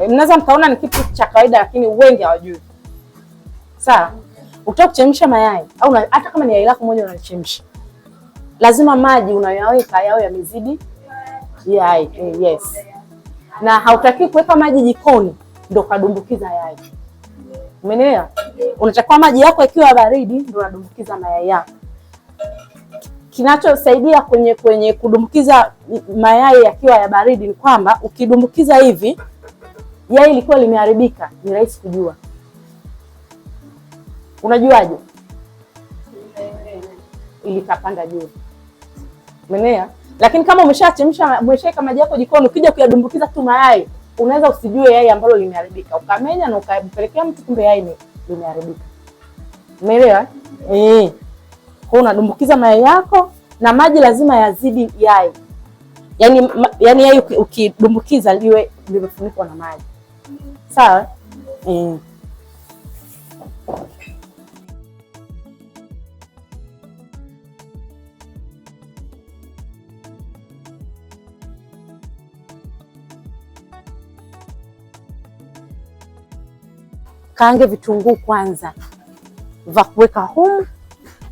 Eh, mnaza mnaweza mkaona ni kitu cha kawaida, lakini wengi hawajui. Sawa, ukitaka kuchemsha mayai au hata kama ni yai lako moja unalichemsha, lazima maji unayoweka yao yamezidi yai. Eh, yes, na hautaki kuweka maji jikoni ndo kadumbukiza yai. Umeelewa? Unatakiwa maji yako ikiwa baridi ndo unadumbukiza mayai yako. Kinachosaidia kwenye kwenye kudumbukiza mayai yakiwa ya baridi ni kwamba ukidumbukiza hivi yai likuwa limeharibika, ni rahisi kujua. Unajuaje? Ilikapanda juu menea. Lakini kama umeshachemsha umeshaweka maji yako jikoni, ukija kuyadumbukiza tu mayai, unaweza usijue yai ambalo limeharibika, ukamenya na ukampelekea mtu, kumbe yai limeharibika. Umeelewa? Eh, kwa unadumbukiza mayai yako na maji lazima yazidi yai, yaani yaani yai ukidumbukiza liwe limefunikwa na maji sawa eh. Mm. Kaange vitunguu kwanza va kuweka humu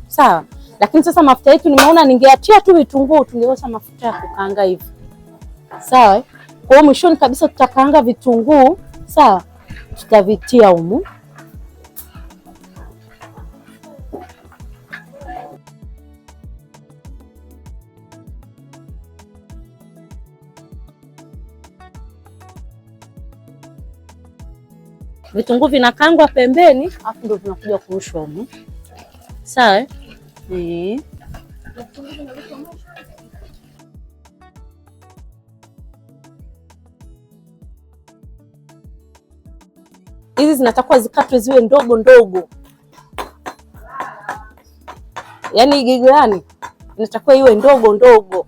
sawa, lakini sasa mafuta yetu nimeona ningeatia tu vitunguu, tungeosha mafuta ya kukaanga hivi sawa. Kwa hiyo mwishoni kabisa tutakaanga vitunguu sawa, tutavitia humu vitunguu vinakangwa pembeni, afu ndio vinakuja kurushwa humu sawa. Eh? hizi zinatakuwa zikatwe ziwe ndogo ndogo, yaani gigani inatakiwa iwe ndogo ndogo,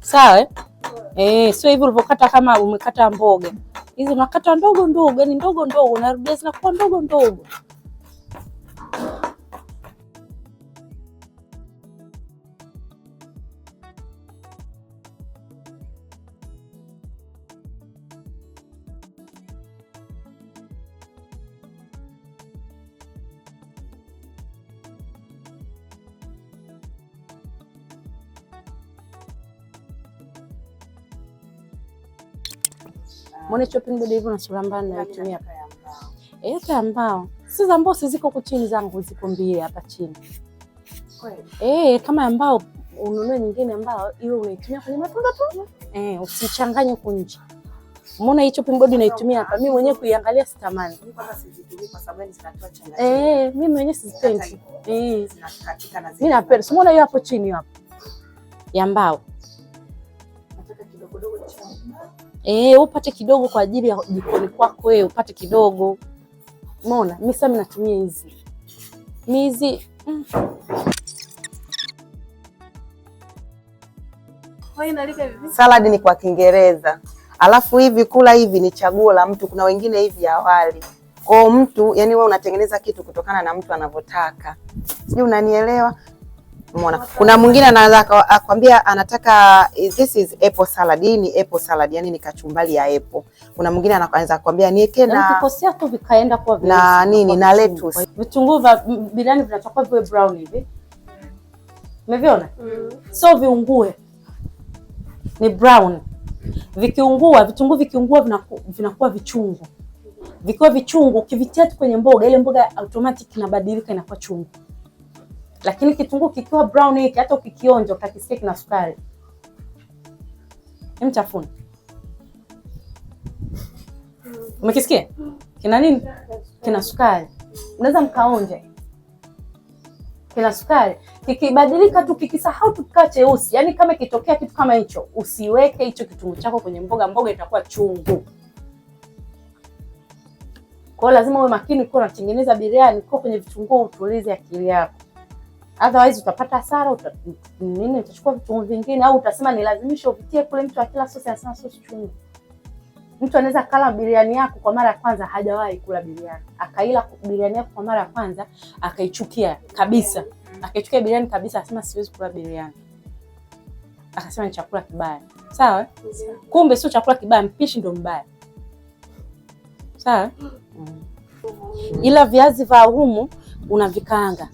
sawa eh? Sio hivi ulivyokata, kama umekata mboga hizi unakata ndogo ndogo, yani ndogo ndogo, narudia, zinakuwa ndogo ndogo. Mwone chopping board hivyo na sura mbaya yaani naitumia hapa ya mbao. Eh, hata mbao. Si za mbao si ziko kuchini zangu ziko mbili hapa chini. Kweli. Eh, kama ya mbao ununue nyingine ambao iwe unaitumia kwenye matunda tu. Mm. Eh, usichanganye huko nje. Mbona hii chopping board naitumia hapa? Mimi mwenyewe kuiangalia sitamani. Mimi kama sizitumii kwa sababu yaani zinatoa changamoto. Eh, mimi mwenyewe sizipendi. Eh, na zile. Mimi napenda. Mbona hiyo hapo chini hapo? Ya mbao. Nataka kidogo kidogo cha eh, upate kidogo kwa ajili ya jikoni kwako wewe, upate kidogo. Umeona, mimi sasa ninatumia hizi mizi mm. Saladi ni kwa Kiingereza, alafu hivi kula hivi ni chaguo la mtu. Kuna wengine hivi awali kwao mtu, yani wewe unatengeneza kitu kutokana na mtu anavyotaka, sijui unanielewa? Umeona, kuna mwingine anaweza akwambia anataka eh, this is apple salad. Hii ni apple salad, yani ni kachumbali ya apple. Kuna mwingine anaweza akwambia niweke yaani na kukosea tu vikaenda kwa na nini na lettuce. Vitunguu vya biriani vinatakiwa viwe brown hivi, umeviona? Mm. So viungue ni brown, vikiungua vitunguu vikiungua vinaku, vinakuwa vichungu. Vikiwa vichungu ukivitia tu kwenye mboga, ile mboga automatic inabadilika inakuwa chungu lakini kitunguu kikiwa brown hiki, hata ukikionja utakisikia kina sukari. Mtafuna umekisikia kina nini? Kina sukari. Unaweza mkaonja kina sukari, kikibadilika tu, kikisahau tu kikaa cheusi, yaani kama kitokea kitu kama hicho, usiweke hicho kitunguu chako kwenye mboga, mboga itakuwa chungu. Kwa lazima uwe makini, ukiwa unatengeneza biriani, ukiwa kwenye vitunguu, utulize akili yako otherwise utapata hasara, uta, nini utachukua vitu vingine, au utasema nilazimisha upitie kule. Mtu akila sosi anasema sosi chungu. Mtu anaweza kala biriani yako kwa mara ya kwanza, hajawahi kula biriani, akaila biriani yako kwa mara ya kwanza akaichukia kabisa, akaichukia biriani kabisa, akasema siwezi kula biriani, akasema ni chakula kibaya. Sawa, kumbe sio chakula kibaya, mpishi ndo mbaya. Sawa, mm. ila viazi vya humu unavikaanga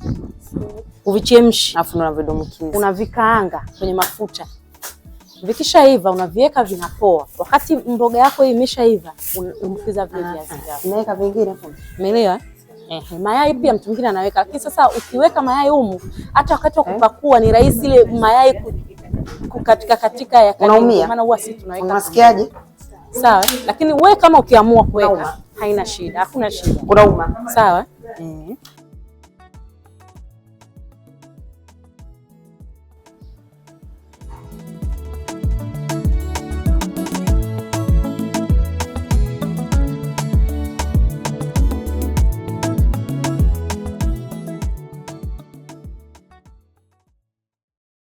uvichemshi, afu unavidumbukiza, unavikaanga kwenye mafuta. Vikishaiva unaviweka vinapoa. Wakati mboga yako hii imeshaiva, umkiza vile viazi ah, ah. vyako, unaweka vingine hapo, umeelewa? Ehe, mayai pia mtu mwingine anaweka, lakini sasa ukiweka mayai humu, hata wakati wa eh? kupakua ni rahisi ile mayai kukatika katika ya kanaumia, maana huwa sisi tunaweka. Unasikiaje? Sawa, lakini wewe kama ukiamua kuweka haina shida, hakuna shida. Unauma. Sawa. Mm.